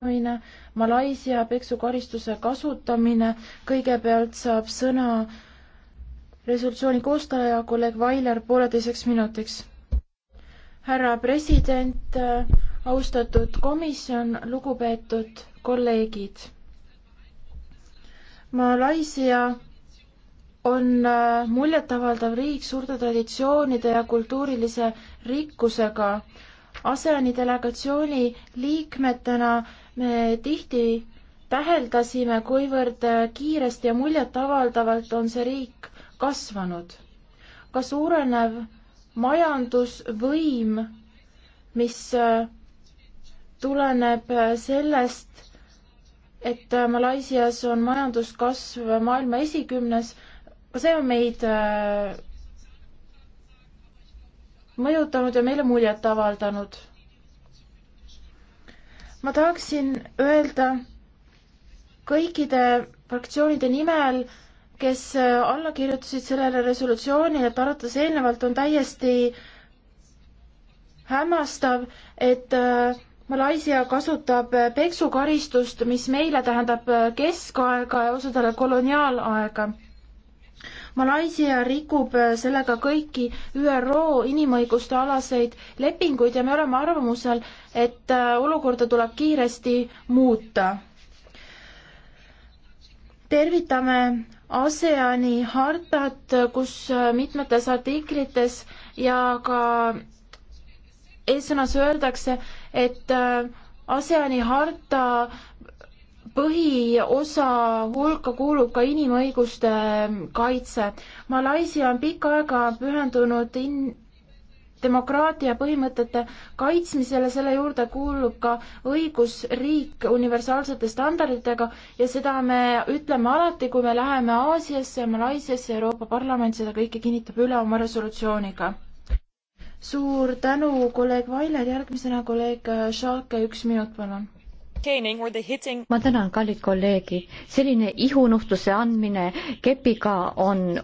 kasutamine, Malaisia peksukaristuse kasutamine, kõigepealt saab sõna resolutsiooni koostaja kolleeg Vailer pooleteiseks minutiks. härra president, austatud komisjon, lugupeetud kolleegid. Malaisia on äh, muljetavaldav riik suurte traditsioonide ja kultuurilise rikkusega ASEAN-i delegatsiooni liikmetena me tihti täheldasime, kuivõrd kiiresti ja muljetavaldavalt on see riik kasvanud. ka suurenev majandusvõim, mis äh, tuleneb äh, sellest, et Malaisias on majanduskasv maailma esikümnes, ka see on meid äh, mõjutanud ja meile muljet avaldanud ma tahaksin öelda kõikide fraktsioonide nimel, kes äh, alla kirjutasid sellele resolutsioonile, et arvates eelnevalt on täiesti hämmastav, et äh, Malaisia kasutab äh, peksukaristust, mis meile tähendab keskaega ja osadele koloniaalaega Malaisia rikub äh, sellega kõiki ÜRO inimõiguste alaseid lepinguid ja me oleme arvamusel, et äh, olukorda tuleb kiiresti muuta. tervitame ASEAN-i hartat, kus äh, mitmetes artiklites ja ka eessõnas öeldakse, et ASEAN-i harta põhiosa hulka kuulub ka inimõiguste kaitse. Malaisia on pikka aega pühendunud in-, demokraatia põhimõtete kaitsmisele, selle juurde kuulub ka õigusriik universaalsete standarditega ja seda me ütleme alati, kui me läheme Aasiasse ja Malaisiasse, Euroopa Parlament seda kõike kinnitab üle oma resolutsiooniga. suur tänu, kolleeg Vailer, järgmisena kolleeg Šalke, üks minut, palun ma tänan, kallid kolleegid, selline ihunuhtluse andmine kepiga on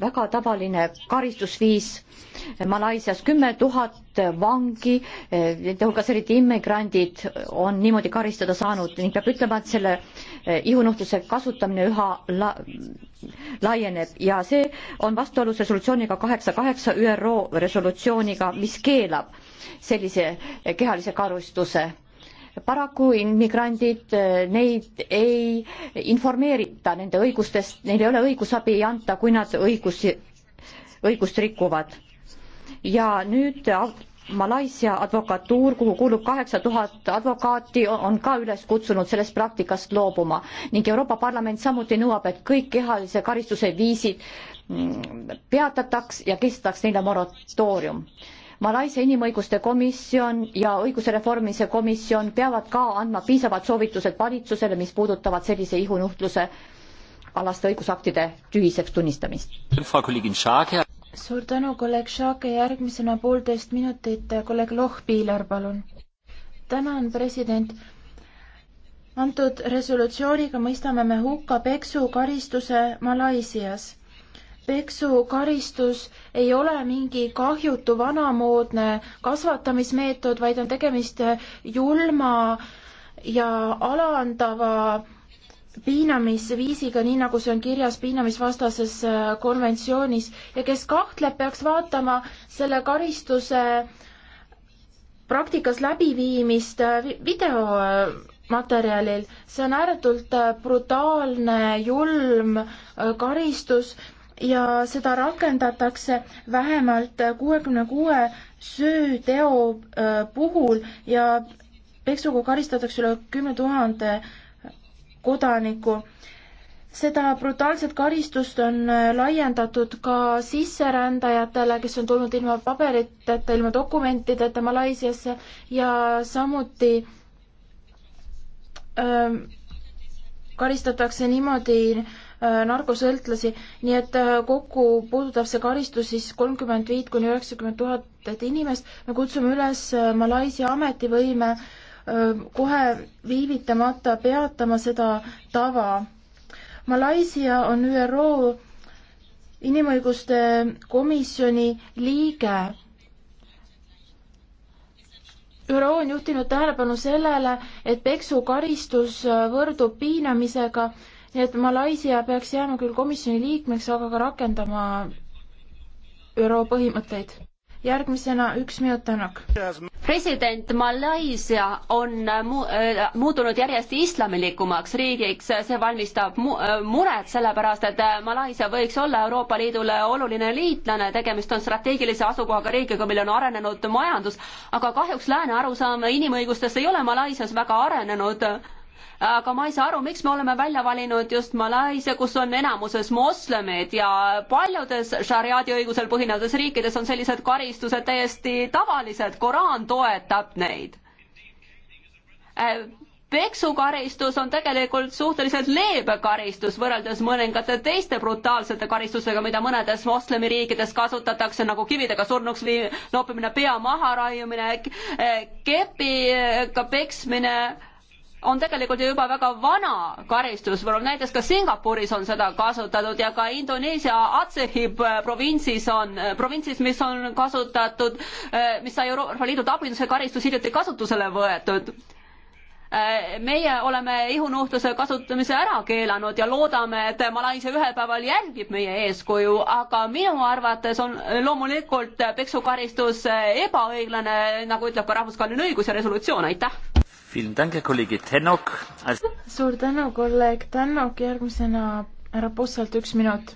väga tavaline karistusviis Malaisias kümme tuhat vangi, nende hulgas eriti immigrandid on niimoodi karistada saanud ning peab ütlema, et selle eh, ihunuhtluse kasutamine üha la laieneb ja see on vastuolus resolutsiooniga kaheksa kaheksa ÜRO resolutsiooniga, mis keelab sellise kehalise karistuse paraku immigrandid, eh, neid ei informeerita nende õigustest, neil ei ole õigusabi ei anta, kui nad õigusi, õigust rikuvad. ja nüüd Malaisia advokatuur, kuhu kuulub kaheksa tuhat advokaati, on ka üles kutsunud sellest praktikast loobuma ning Euroopa Parlament samuti nõuab, et kõik kehalise karistuse viisid mm, peatataks ja kehtestataks neile moratoorium Malaisia inimõiguste komisjon ja õiguse reformimise komisjon peavad ka andma piisavad soovitused valitsusele, mis puudutavad sellise ihunuhtluse alaste õigusaktide tühiseks tunnistamist. suur tänu, kolleeg Šake, järgmisena poolteist minutit, kolleeg Lohpiiler, palun. tänan, president antud resolutsiooniga mõistame me hukka peksukaristuse Malaisias peksukaristus ei ole mingi kahjutu vanamoodne kasvatamismeetod, vaid on tegemist julma ja alandava piinamisviisiga, nii nagu see on kirjas piinamisvastases äh, konventsioonis ja kes kahtleb, peaks vaatama selle karistuse praktikas läbiviimist äh, videomaterjalil. see on ääretult äh, brutaalne, julm karistus ja seda rakendatakse vähemalt kuuekümne kuue sööteo äh, puhul ja peksuga karistatakse üle kümne tuhande kodaniku. seda brutaalset karistust on äh, laiendatud ka sisserändajatele, kes on tulnud ilma paberiteta, ilma dokumentideta Malaisiasse ja samuti öö, ähm, karistatakse niimoodi äh, narkosõltlasi, nii et äh, kokku puudutab see karistus siis kolmkümmend viit kuni üheksakümmend tuhat inimest. me kutsume üles äh, Malaisia ametivõime kohe viivitamata peatama seda tava. Malaisia on ÜRO inimõiguste komisjoni liige ÜRO on juhtinud tähelepanu sellele, et peksukaristus äh, võrdub piinamisega, nii et Malaisia peaks jääma küll komisjoni liikmeks, aga ka rakendama ÜRO põhimõtteid järgmisena üks minut Tänak. president Malaisia on äh, mu äh, muutunud järjest islamilikumaks riigiks, see valmistab mu äh, muret, sellepärast et Malaisia võiks olla Euroopa Liidule oluline liitlane, tegemist on strateegilise asukohaga riigiga, millel on arenenud majandus, aga kahjuks lääne arusaam inimõigustest ei ole Malaisias väga arenenud aga ma ei saa aru, miks me oleme välja valinud just Malaisia, kus on enamuses moslemid ja paljudes šariaadi õigusel põhinevates riikides on sellised karistused täiesti tavalised, Koraan toetab neid. Äh, peksukaristus on tegelikult suhteliselt leebe karistus võrreldes mõningate teiste brutaalsete karistustega, mida mõnedes moslemi riikides kasutatakse, nagu kividega surnuks vii-, noppimine, pea maharaiumine, äh, kepiga peksmine on tegelikult ju juba väga vana karistusvorm, näiteks ka Singapuris on seda kasutatud ja ka Indoneesia Atsehi äh, provintsis on, äh, provintsis, mis on kasutatud, äh, mis sai Euroopa Liidu tabelisse karistus hiljuti kasutusele võetud meie oleme ihunuhtluse kasutamise ära keelanud ja loodame, et Malaisia ühel päeval jälgib meie eeskuju, aga minu arvates on loomulikult peksukaristus ebaõiglane, nagu ütleb ka rahvusvaheline õigus ja resolutsioon, aitäh suur tänu, kolleeg Tänok, järgmisena härra Pussalt üks minut.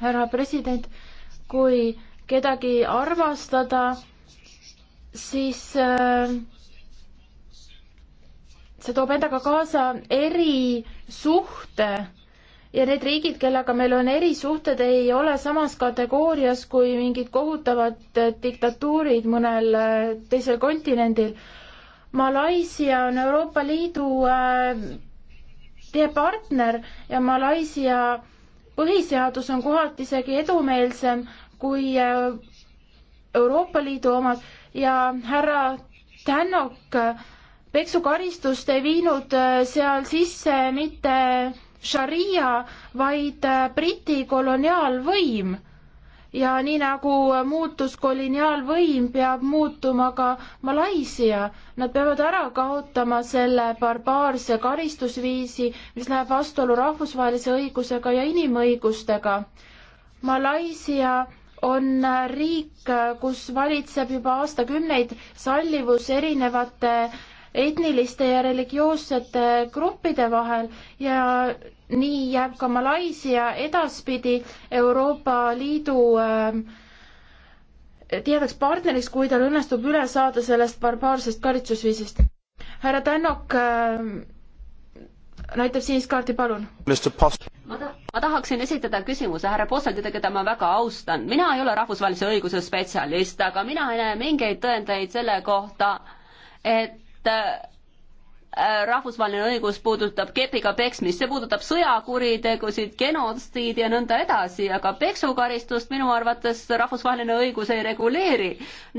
härra president, kui kedagi armastada, siis äh, see toob endaga kaasa erisuhte ja need riigid, kellega meil on erisuhted, ei ole samas kategoorias kui mingid kohutavad diktatuurid mõnel äh, teisel kontinendil Malaisia on Euroopa Liidu äh, teie partner ja Malaisia põhiseadus on kohalt isegi edumeelsem kui äh, Euroopa Liidu omad ja härra Tännok, peksukaristust ei viinud äh, seal sisse mitte šaria, vaid Briti koloniaalvõim ja nii nagu muutus koloniaalvõim, peab muutuma ka Malaisia. Nad peavad ära kaotama selle barbaarse karistusviisi, mis läheb vastuollu rahvusvahelise õigusega ja inimõigustega. Malaisia on riik, kus valitseb juba aastakümneid sallivus erinevate etniliste ja religioossete gruppide vahel ja nii jääb ka Malaisia edaspidi Euroopa Liidu äh, tihedaks partneriks, kui tal õnnestub üle saada sellest barbaarsest karitsusviisist. härra Tännok äh, näitab sinist-kaarti, palun. Ma, ta, ma tahaksin esitada küsimuse härra Posseldile, keda ma väga austan. mina ei ole rahvusvahelise õiguse spetsialist, aga mina ei näe mingeid tõendeid selle kohta, et äh, Äh, rahvusvaheline õigus puudutab kepiga peksmist, see puudutab sõjakuritegusid, genotsiidi ja nõnda edasi, aga peksukaristust minu arvates rahvusvaheline õigus ei reguleeri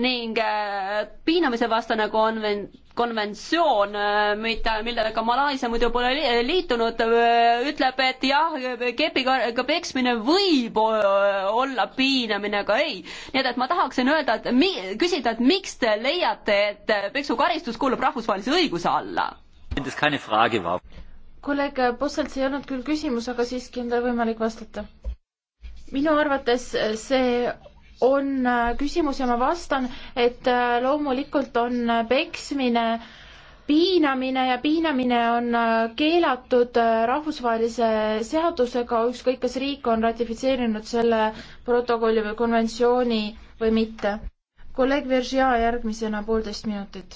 ning äh, piinamise vastane konven-, konventsioon, äh, mida, millega Malaisia muidu pole liitunud, ütleb, et jah, kepiga peksmine võib olla piinamine, aga ei. nii et, et ma tahaksin öelda, et mi-, küsida, et miks te leiate, et peksukaristus kuulub rahvusvahelise õiguse alla? kolleeg Posselt, see ei olnud küll küsimus, aga siiski on teil võimalik vastata. minu arvates see on äh, küsimus ja ma vastan, et äh, loomulikult on äh, peksmine piinamine ja piinamine on keelatud rahvusvahelise seadusega, ükskõik kas riik on ratifitseerinud selle protokolli või konventsiooni või mitte. kolleeg Veržia järgmisena poolteist minutit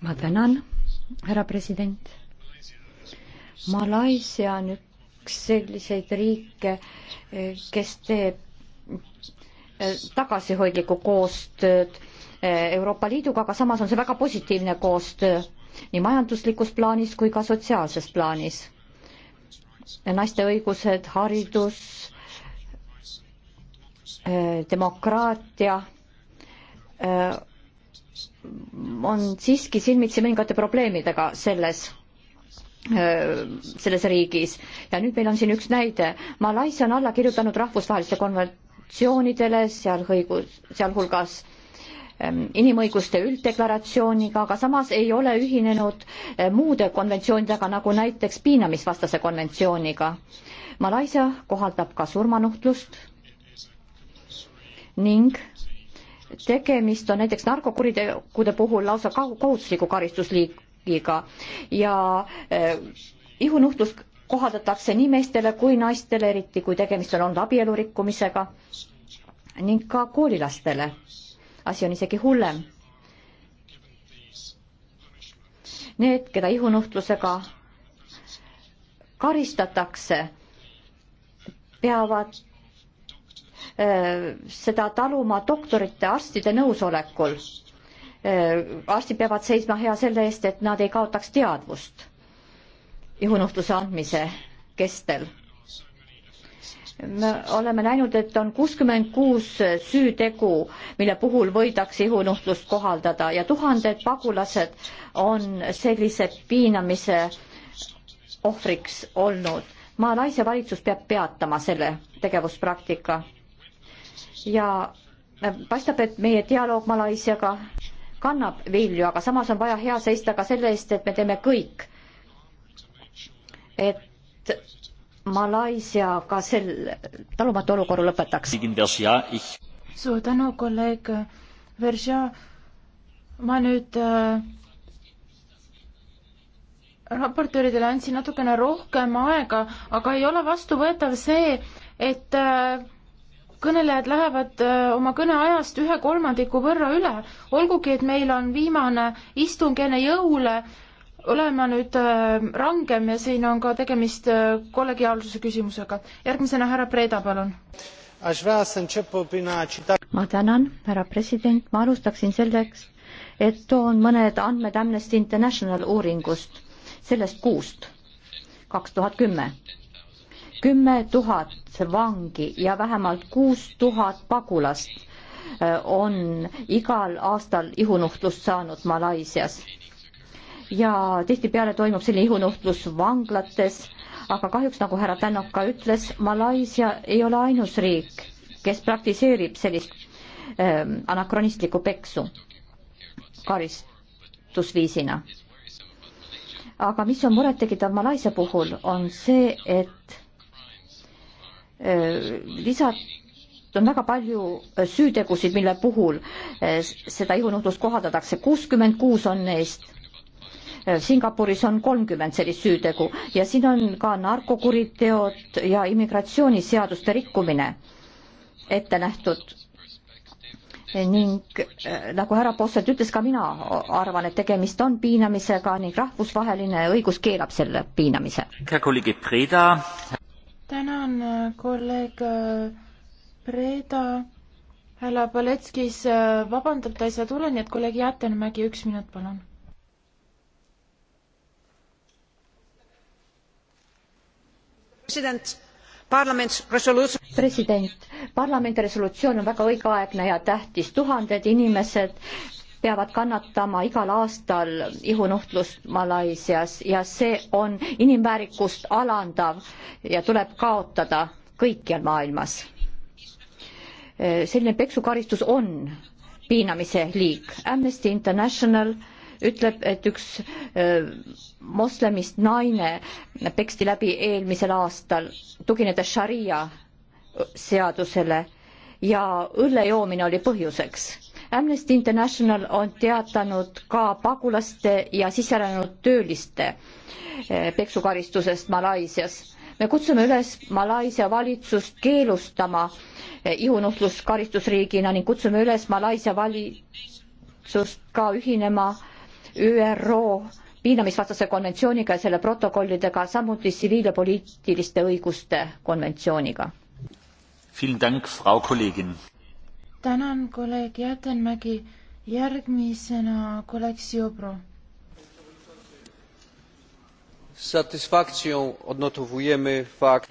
ma tänan, härra president. Malaisia on üks selliseid riike, kes teeb eh, tagasihoidlikku koostööd eh, Euroopa Liiduga, aga samas on see väga positiivne koostöö nii majanduslikus plaanis kui ka sotsiaalses plaanis. naiste õigused, haridus, eh, demokraatia on siiski silmitsi mõningate probleemidega selles selles riigis ja nüüd meil on siin üks näide. Malaisia on alla kirjutanud rahvusvaheliste konventsioonidele, seal õigus, sealhulgas inimõiguste ülddeklaratsiooniga, aga samas ei ole ühinenud muude konventsioonidega, nagu näiteks piinamisvastase konventsiooniga. Malaisia kohaldab ka surmanuhtlust ning tegemist on näiteks narkokuritegude puhul lausa kohustusliku karistusliigiga ja äh, ihunuhtlus kohaldatakse nii meestele kui naistele, eriti kui tegemist on olnud abielu rikkumisega ning ka koolilastele. asi on isegi hullem. Need, keda ihunuhtlusega karistatakse, peavad Äh, seda taluma doktorite, arstide nõusolekul. Äh, arstid peavad seisma hea selle eest, et nad ei kaotaks teadvust juhunuhtluse andmise kestel. me oleme näinud, et on kuuskümmend kuus süütegu, mille puhul võidakse juhunuhtlust kohaldada ja tuhanded pagulased on sellise piinamise ohvriks olnud. Malaisia valitsus peab peatama selle tegevuspraktika ja äh, paistab, et meie dialoog Malaisiaga kannab vilju, aga samas on vaja hea seista ka selle eest, et me teeme kõik, et Malaisia ka sel talumatu olukorra lõpetaks. suur tänu, kolleeg Veržja. ma nüüd äh, raportööridele andsin natukene rohkem aega, aga ei ole vastuvõetav see, et äh, kõnelejad lähevad äh, oma kõneajast ühe kolmandiku võrra üle, olgugi et meil on viimane istung enne jõule, olen ma nüüd äh, rangem ja siin on ka tegemist äh, kollegiaalsuse küsimusega. järgmisena härra Preeda, palun. ma tänan, härra president, ma alustaksin selleks, et toon mõned andmed Amnesty International uuringust sellest kuust, kaks tuhat kümme kümme tuhat vangi ja vähemalt kuus tuhat pagulast äh, on igal aastal ihunuhtlust saanud Malaisias. ja tihtipeale toimub selline ihunuhtlus vanglates, aga kahjuks, nagu härra Tänak ka ütles, Malaisia ei ole ainus riik, kes praktiseerib sellist äh, anakronistlikku peksu karistusviisina. aga mis on murettekitav Malaisia puhul, on see, et Äh, lisad on väga palju äh, süütegusid, mille puhul äh, seda ihunuhtlust kohaldatakse, kuuskümmend kuus on neist. Singapuris on kolmkümmend sellist süütegu ja siin on ka narkokuriteod ja immigratsiooniseaduste rikkumine ette nähtud. ning nagu härra Posselt ütles, ka mina arvan, et tegemist on piinamisega ning rahvusvaheline õigus keelab selle piinamise tänan äh, kolleeg Breda. Äh, härra Paletskis äh, vabandab, ta ei saa tulla, nii et kolleeg Jäätenmägi, üks minut, palun president parlamendi resolutsioon on väga õigeaegne ja tähtis tuhanded inimesed peavad kannatama igal aastal ihunuhtlust Malaisias ja see on inimväärikust alandav ja tuleb kaotada kõikjal maailmas. selline peksukaristus on piinamise liik. Amnesty International ütleb, et üks äh, moslemist naine peksti läbi eelmisel aastal, tuginedes šaria seadusele ja õlle joomine oli põhjuseks Amnesty International on teatanud ka pagulaste ja sisserännanud tööliste eh, peksukaristusest Malaisias. me kutsume üles Malaisia valitsust keelustama eh, ihunuhtlus karistusriigina ning kutsume üles Malaisia valitsust ka ühinema ÜRO piinamisvastase konventsiooniga ja selle protokollidega, samuti tsiviil- ja poliitiliste õiguste konventsiooniga tänan, kolleeg Jätenmägi. järgmisena kolleeg Siobro. Z satysfakcją odnotowujemy fakt.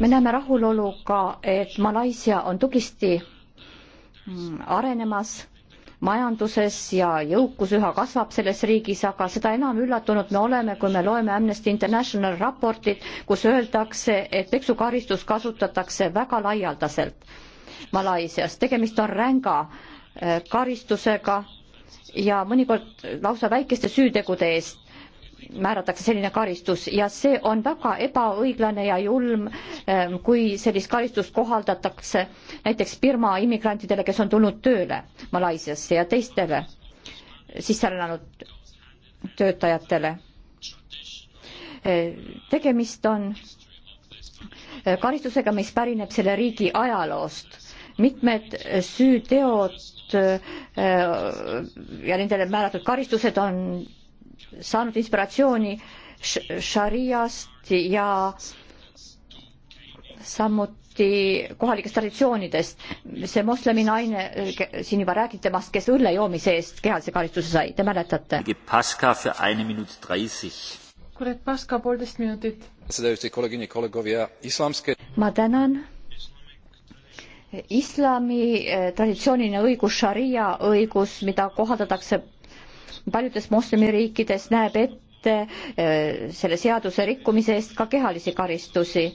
me näeme rahuloluga, et Malaisia on tublisti mm, arenemas majanduses ja jõukus üha kasvab selles riigis, aga seda enam üllatunud me oleme, kui me loeme Amnesty International raportit, kus öeldakse, et peksukaristus kasutatakse väga laialdaselt Malaisias. tegemist on ränga äh, karistusega ja mõnikord lausa väikeste süütegude eest määratakse selline karistus ja see on väga ebaõiglane ja julm, ähm, kui sellist karistust kohaldatakse näiteks Birma immigrantidele, kes on tulnud tööle Malaisiasse ja teistele sisserännanud töötajatele. Äh, tegemist on äh, karistusega, mis pärineb selle riigi ajaloost mitmed süüteod äh, ja nendele määratud karistused on saanud inspiratsiooni šariast ja samuti kohalikest traditsioonidest. see moslemi naine, siin juba räägiti temast, kes õlle joomise eest kehalise karistuse sai, te mäletate? kurat, Paska poolteist minutit. ma tänan islami eh, traditsiooniline õigus, šaria õigus, mida kohaldatakse paljudes moslemiriikides, näeb ette eh, selle seaduse rikkumise eest ka kehalisi karistusi.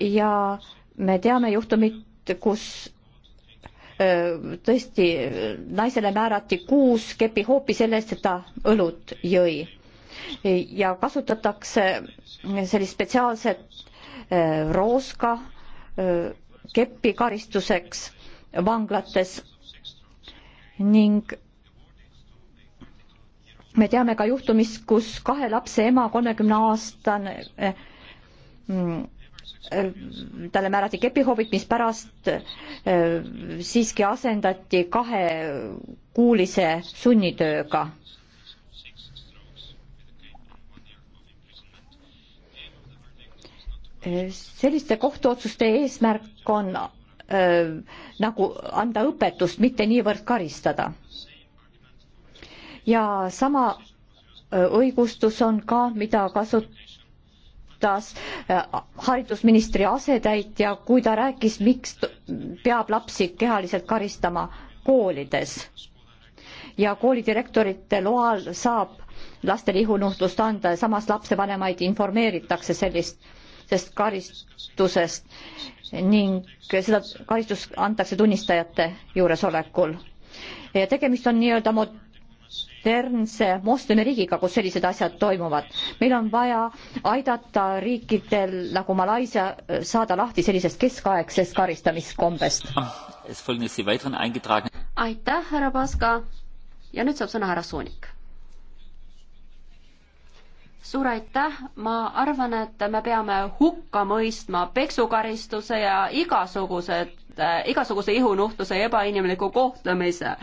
ja me teame juhtumit, kus eh, tõesti naisele määrati kuus kepi hoopi selle eest, et ta õlut jõi. ja kasutatakse sellist spetsiaalset rooska keppi karistuseks vanglates ning me teame ka juhtumist, kus kahe lapse ema, kolmekümne aastane mm, talle määrati kepihoovik, mis pärast eh, siiski asendati kahekuulise sunnitööga selliste kohtuotsuste eesmärk on öö, nagu anda õpetust, mitte niivõrd karistada. ja sama õigustus on ka, mida kasutas haridusministri asetäitja, kui ta rääkis, miks peab lapsi kehaliselt karistama koolides. ja koolidirektorite loal saab lastele ihunuhtlust anda ja samas lapsevanemaid informeeritakse sellist raskest karistusest ning seda karistust antakse tunnistajate juuresolekul. ja tegemist on nii-öelda modernse moslemi riigiga, kus sellised asjad toimuvad. meil on vaja aidata riikidel nagu Malaisia saada lahti sellisest keskaegsest karistamiskombest. aitäh, härra Paska ja nüüd saab sõna härra Soonik suur aitäh, ma arvan, et me peame hukka mõistma peksukaristuse ja igasugused äh, igasuguse ihunuhtluse ja ebainimliku kohtlemise.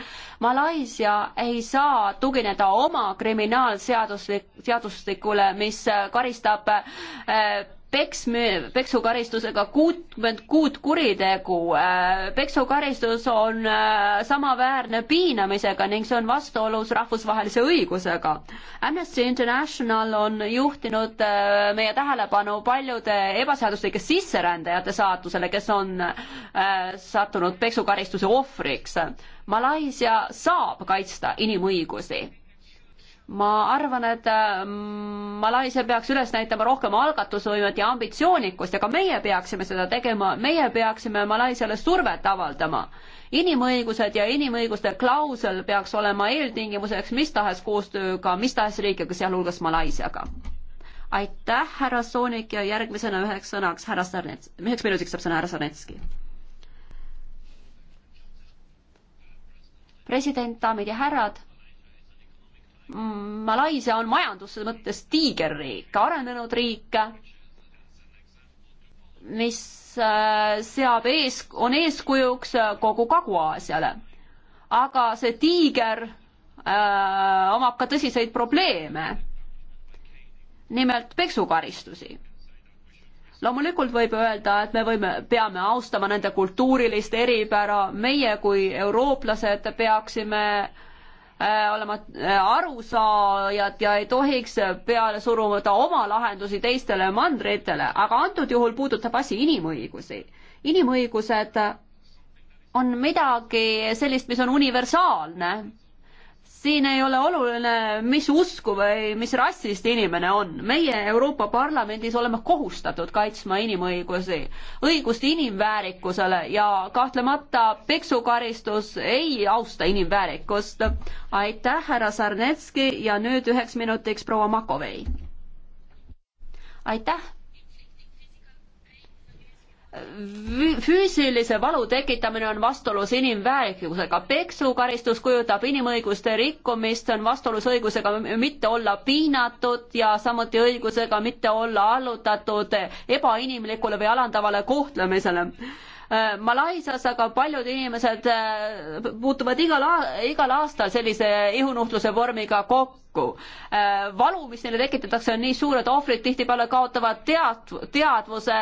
Malaisia ei saa tugineda oma kriminaalseaduslik, seadustikule, mis karistab äh, peks, peksukaristusega kuutkümmend kuut kuritegu. Äh, peksukaristus on äh, samaväärne piinamisega ning see on vastuolus rahvusvahelise õigusega. Amnesty International on juhtinud äh, meie tähelepanu paljude ebaseaduslike sisserändajate saatusele, kes on sattunud peksukaristuse ohvriks. Malaisia saab kaitsta inimõigusi ma arvan, et mm, Malaisia peaks üles näitama rohkem algatusvõimet ja ambitsioonikust ja ka meie peaksime seda tegema, meie peaksime Malaisiale survet avaldama. inimõigused ja inimõiguste klausel peaks olema eeltingimuseks mis tahes koostööga, mis tahes riigiga, sealhulgas Malaisiaga. aitäh, härra Soonik ja järgmisena üheks sõnaks härra Sarnets, üheks minutiks saab sõna härra Sarnetski. president, daamid ja härrad Malaisia on majanduse mõttes tiigerriik, arenenud riik, mis äh, seab ees, on eeskujuks äh, kogu Kagu-Aasiale. aga see tiiger äh, omab ka tõsiseid probleeme, nimelt peksukaristusi loomulikult võib öelda, et me võime, peame austama nende kultuurilist eripära, meie kui eurooplased peaksime äh, Äh, olema äh, arusaajad ja ei tohiks peale suruda oma lahendusi teistele mandritele, aga antud juhul puudutab asi inimõigusi. inimõigused on midagi sellist, mis on universaalne siin ei ole oluline, mis usku või mis rassist inimene on. meie Euroopa Parlamendis oleme kohustatud kaitsma inimõigusi, õigust inimväärikusele ja kahtlemata peksukaristus ei austa inimväärikust. aitäh, härra Sarnetski ja nüüd üheks minutiks proua Makovei. aitäh füüsilise valu tekitamine on vastuolus inimväärikusega. peksukaristus kujutab inimõiguste rikkumist, on vastuolus õigusega mitte olla piinatud ja samuti õigusega mitte olla allutatud ebainimlikule või alandavale kohtlemisele. Äh, Malaisias aga paljud inimesed äh, puutuvad igal, igal aastal sellise ihunuhtluse vormiga kokku. Äh, valu, mis neile tekitatakse, on nii suur, et ohvrid tihtipeale kaotavad tead-, teadvuse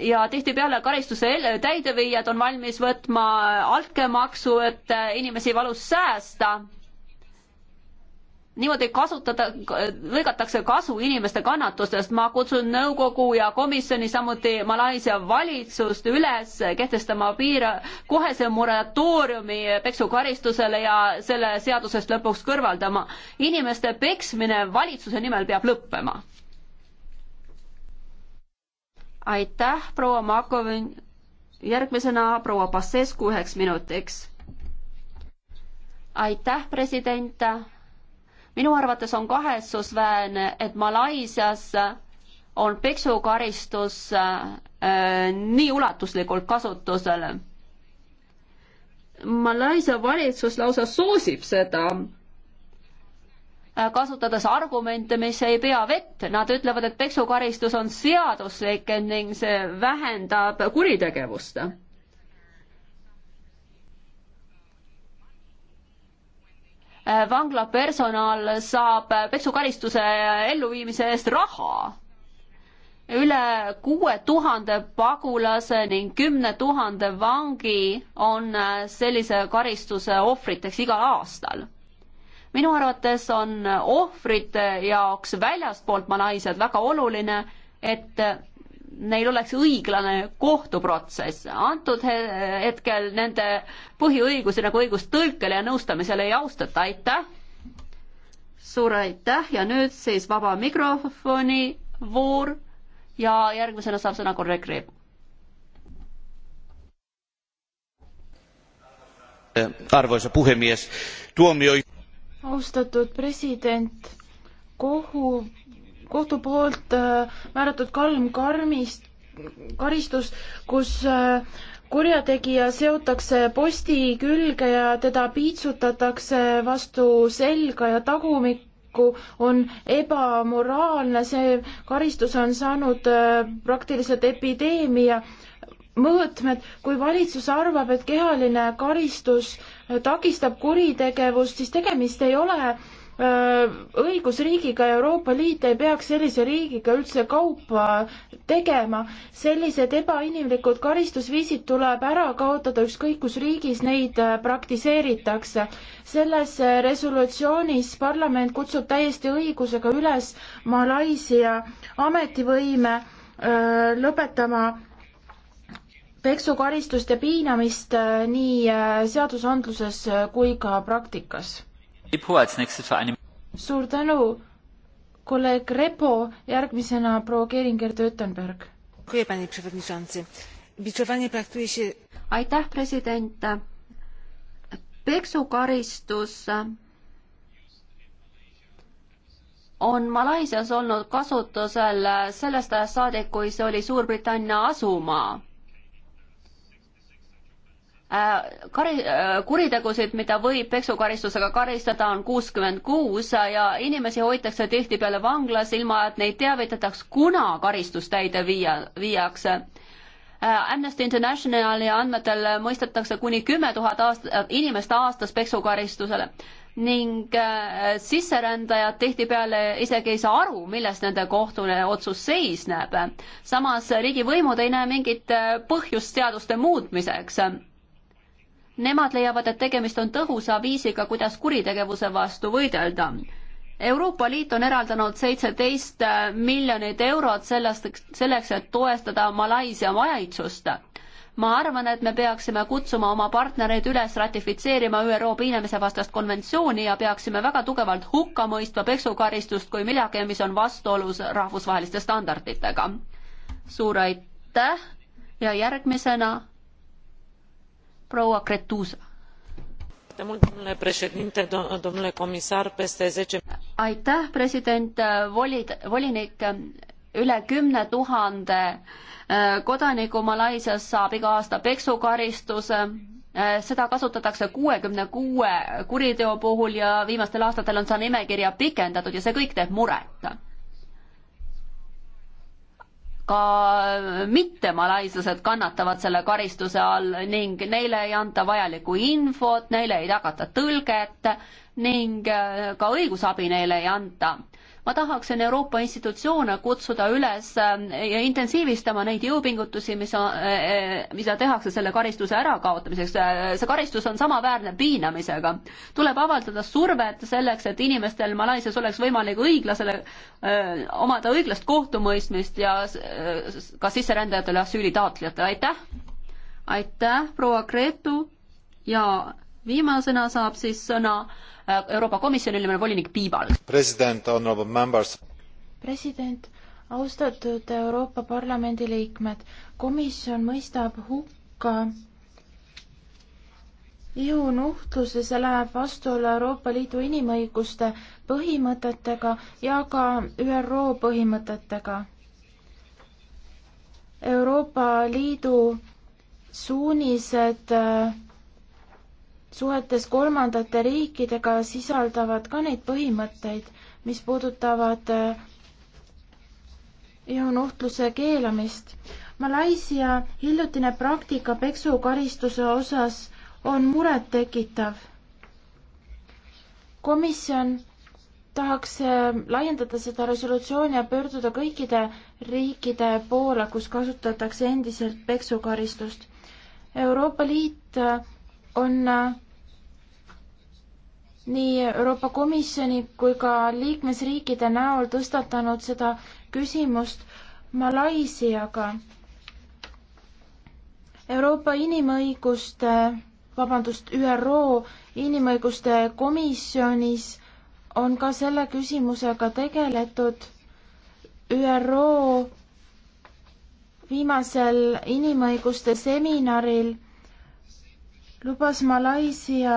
ja tihtipeale karistuse täideviijad on valmis võtma altkäemaksu, et äh, inimesi valus säästa. niimoodi kasutada, lõigatakse kasu inimeste kannatustest, ma kutsun nõukogu ja komisjoni, samuti Malaisia valitsust üles kehtestama piira, kohese moratooriumi peksukaristusele ja selle seadusest lõpuks kõrvaldama. inimeste peksmine valitsuse nimel peab lõppema aitäh, proua Makovin. järgmisena proua Passescu üheks minutiks. aitäh, president. minu arvates on kahetsusväärne, et Malaisias on peksukaristus äh, nii ulatuslikult kasutusel. Malaisia valitsus lausa soosib seda kasutades argumente, mis ei pea vett. Nad ütlevad, et peksukaristus on seaduslik ning see vähendab kuritegevust. vangla personal saab peksukaristuse elluviimise eest raha üle kuue tuhande pagulase ning kümne tuhande vangi on sellise karistuse ohvriteks igal aastal minu arvates on ohvrite jaoks väljaspoolt naised väga oluline, et neil oleks õiglane kohtuprotsess. antud hetkel nende põhiõigusi nagu õigust tõlkele ja nõustamisele ei austata, aitäh! suur aitäh ja nüüd siis vaba mikrofoni voor ja järgmisena saab sõna kolleeg Reep. arvoisa puhemies, tuomio austatud president, kohu, kohtu poolt äh, määratud kalm karmist, karistus, kus äh, kurjategija seotakse posti külge ja teda piitsutatakse vastu selga ja tagumikku, on ebamoraalne, see karistus on saanud äh, praktiliselt epideemia äh, mõõtmed, kui valitsus arvab, et kehaline karistus äh, takistab kuritegevust, siis tegemist ei ole äh, õigusriigiga ja Euroopa Liit ei peaks sellise riigiga üldse kaupa tegema. sellised ebainimlikud karistusviisid tuleb ära kaotada, ükskõik kus riigis neid äh, praktiseeritakse. selles resolutsioonis parlament kutsub täiesti õigusega üles Malaisia ametivõime lõpetama peksukaristust ja piinamist äh, nii äh, seadusandluses äh, kui ka praktikas. suur tänu, kolleeg Repo, järgmisena proua Keringer-Töötenberg. aitäh, president. peksukaristus on Malaisias olnud kasutusel sellest ajast saadik, kui see oli Suurbritannia asumaa Äh, kari-, äh, kuritegusid, mida võib peksukaristusega karistada, on kuuskümmend kuus ja inimesi hoitakse tihtipeale vanglas, ilma et neid teavitataks, kuna karistus täide viia, viiakse. Äh, Amnesty Internationali andmetel mõistetakse kuni kümme tuhat aast-, inimest aastas peksukaristusele ning sisserändajad tihtipeale isegi ei saa aru, milles nende kohtune otsus seisneb. samas riigivõimud ei näe mingit põhjust seaduste muutmiseks Nemad leiavad, et tegemist on tõhusa viisiga, kuidas kuritegevuse vastu võidelda. Euroopa Liit on eraldanud seitseteist miljonit eurot sellest, selleks, et toestada Malaisia valitsust. ma arvan, et me peaksime kutsuma oma partnereid üles ratifitseerima ÜRO piinamisevastast konventsiooni ja peaksime väga tugevalt hukka mõistma peksukaristust kui midagi, mis on vastuolus rahvusvaheliste standarditega. suur aitäh ja järgmisena proua Cretuza. Domnule președinte, domnule comisar, peste 10... Aitäh, president, volid, volinik, üle kümne tuhande eh, kodaniku Malaisias saab iga aasta peksukaristuse, eh, seda kasutatakse kuuekümne kuue kuriteo puhul ja viimastel aastatel on seda nimekirja pikendatud ja see kõik teeb muret ka mittemalaislased kannatavad selle karistuse all ning neile ei anta vajalikku infot, neile ei tagata tõlget ning ka õigusabi neile ei anta ma tahaksin Euroopa institutsioone kutsuda üles äh, ja intensiivistama neid jõupingutusi, mis, äh, äh, mida tehakse selle karistuse ärakaotamiseks. see karistus on samaväärne piinamisega. tuleb avaldada survet selleks, et inimestel Malaisias oleks võimalik õiglasele, omada õiglast kohtumõistmist ja ka sisserändajatele, asüülitaotlejatele, aitäh! aitäh, proua Gretu ja viimasena saab siis sõna äh, Euroopa Komisjoni nimel volinik Piibalg. president, honorable members. president, austatud Euroopa Parlamendi liikmed, komisjon mõistab hukka ihunuhtluse, see läheb vastuollu Euroopa Liidu inimõiguste põhimõtetega ja ka ÜRO põhimõtetega. Euroopa Liidu suunised äh, suhetes kolmandate riikidega sisaldavad ka neid põhimõtteid, mis puudutavad äh, ihunuhtluse keelamist. Malaisia hiljutine praktika peksukaristuse osas on murettekitav. komisjon tahaks äh, laiendada seda resolutsiooni ja pöörduda kõikide riikide poole, kus kasutatakse endiselt peksukaristust. Euroopa Liit äh, on äh, nii Euroopa Komisjoni kui ka liikmesriikide näol tõstatanud seda küsimust Malaisiaga. Euroopa inimõiguste, vabandust, ÜRO inimõiguste komisjonis on ka selle küsimusega tegeletud. ÜRO viimasel inimõiguste seminaril lubas Malaisia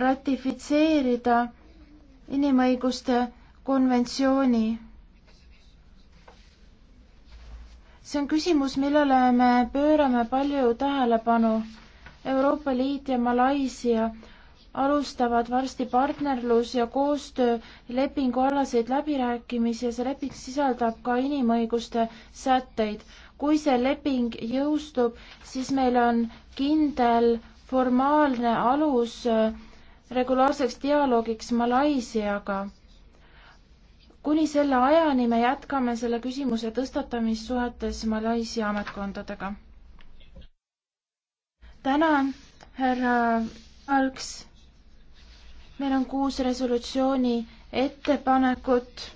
ratifitseerida inimõiguste konventsiooni. see on küsimus, millele me pöörame palju tähelepanu. Euroopa Liit ja Malaisia alustavad varsti partnerlus- ja koostöölepingualaseid läbirääkimisi ja see leping sisaldab ka inimõiguste sätteid. kui see leping jõustub, siis meil on kindel formaalne alus äh, regulaarseks dialoogiks Malaisiaga. kuni selle ajani me jätkame selle küsimuse tõstatamist suhetes Malaisia ametkondadega. tänan, härra Alks. meil on kuus resolutsiooni ettepanekut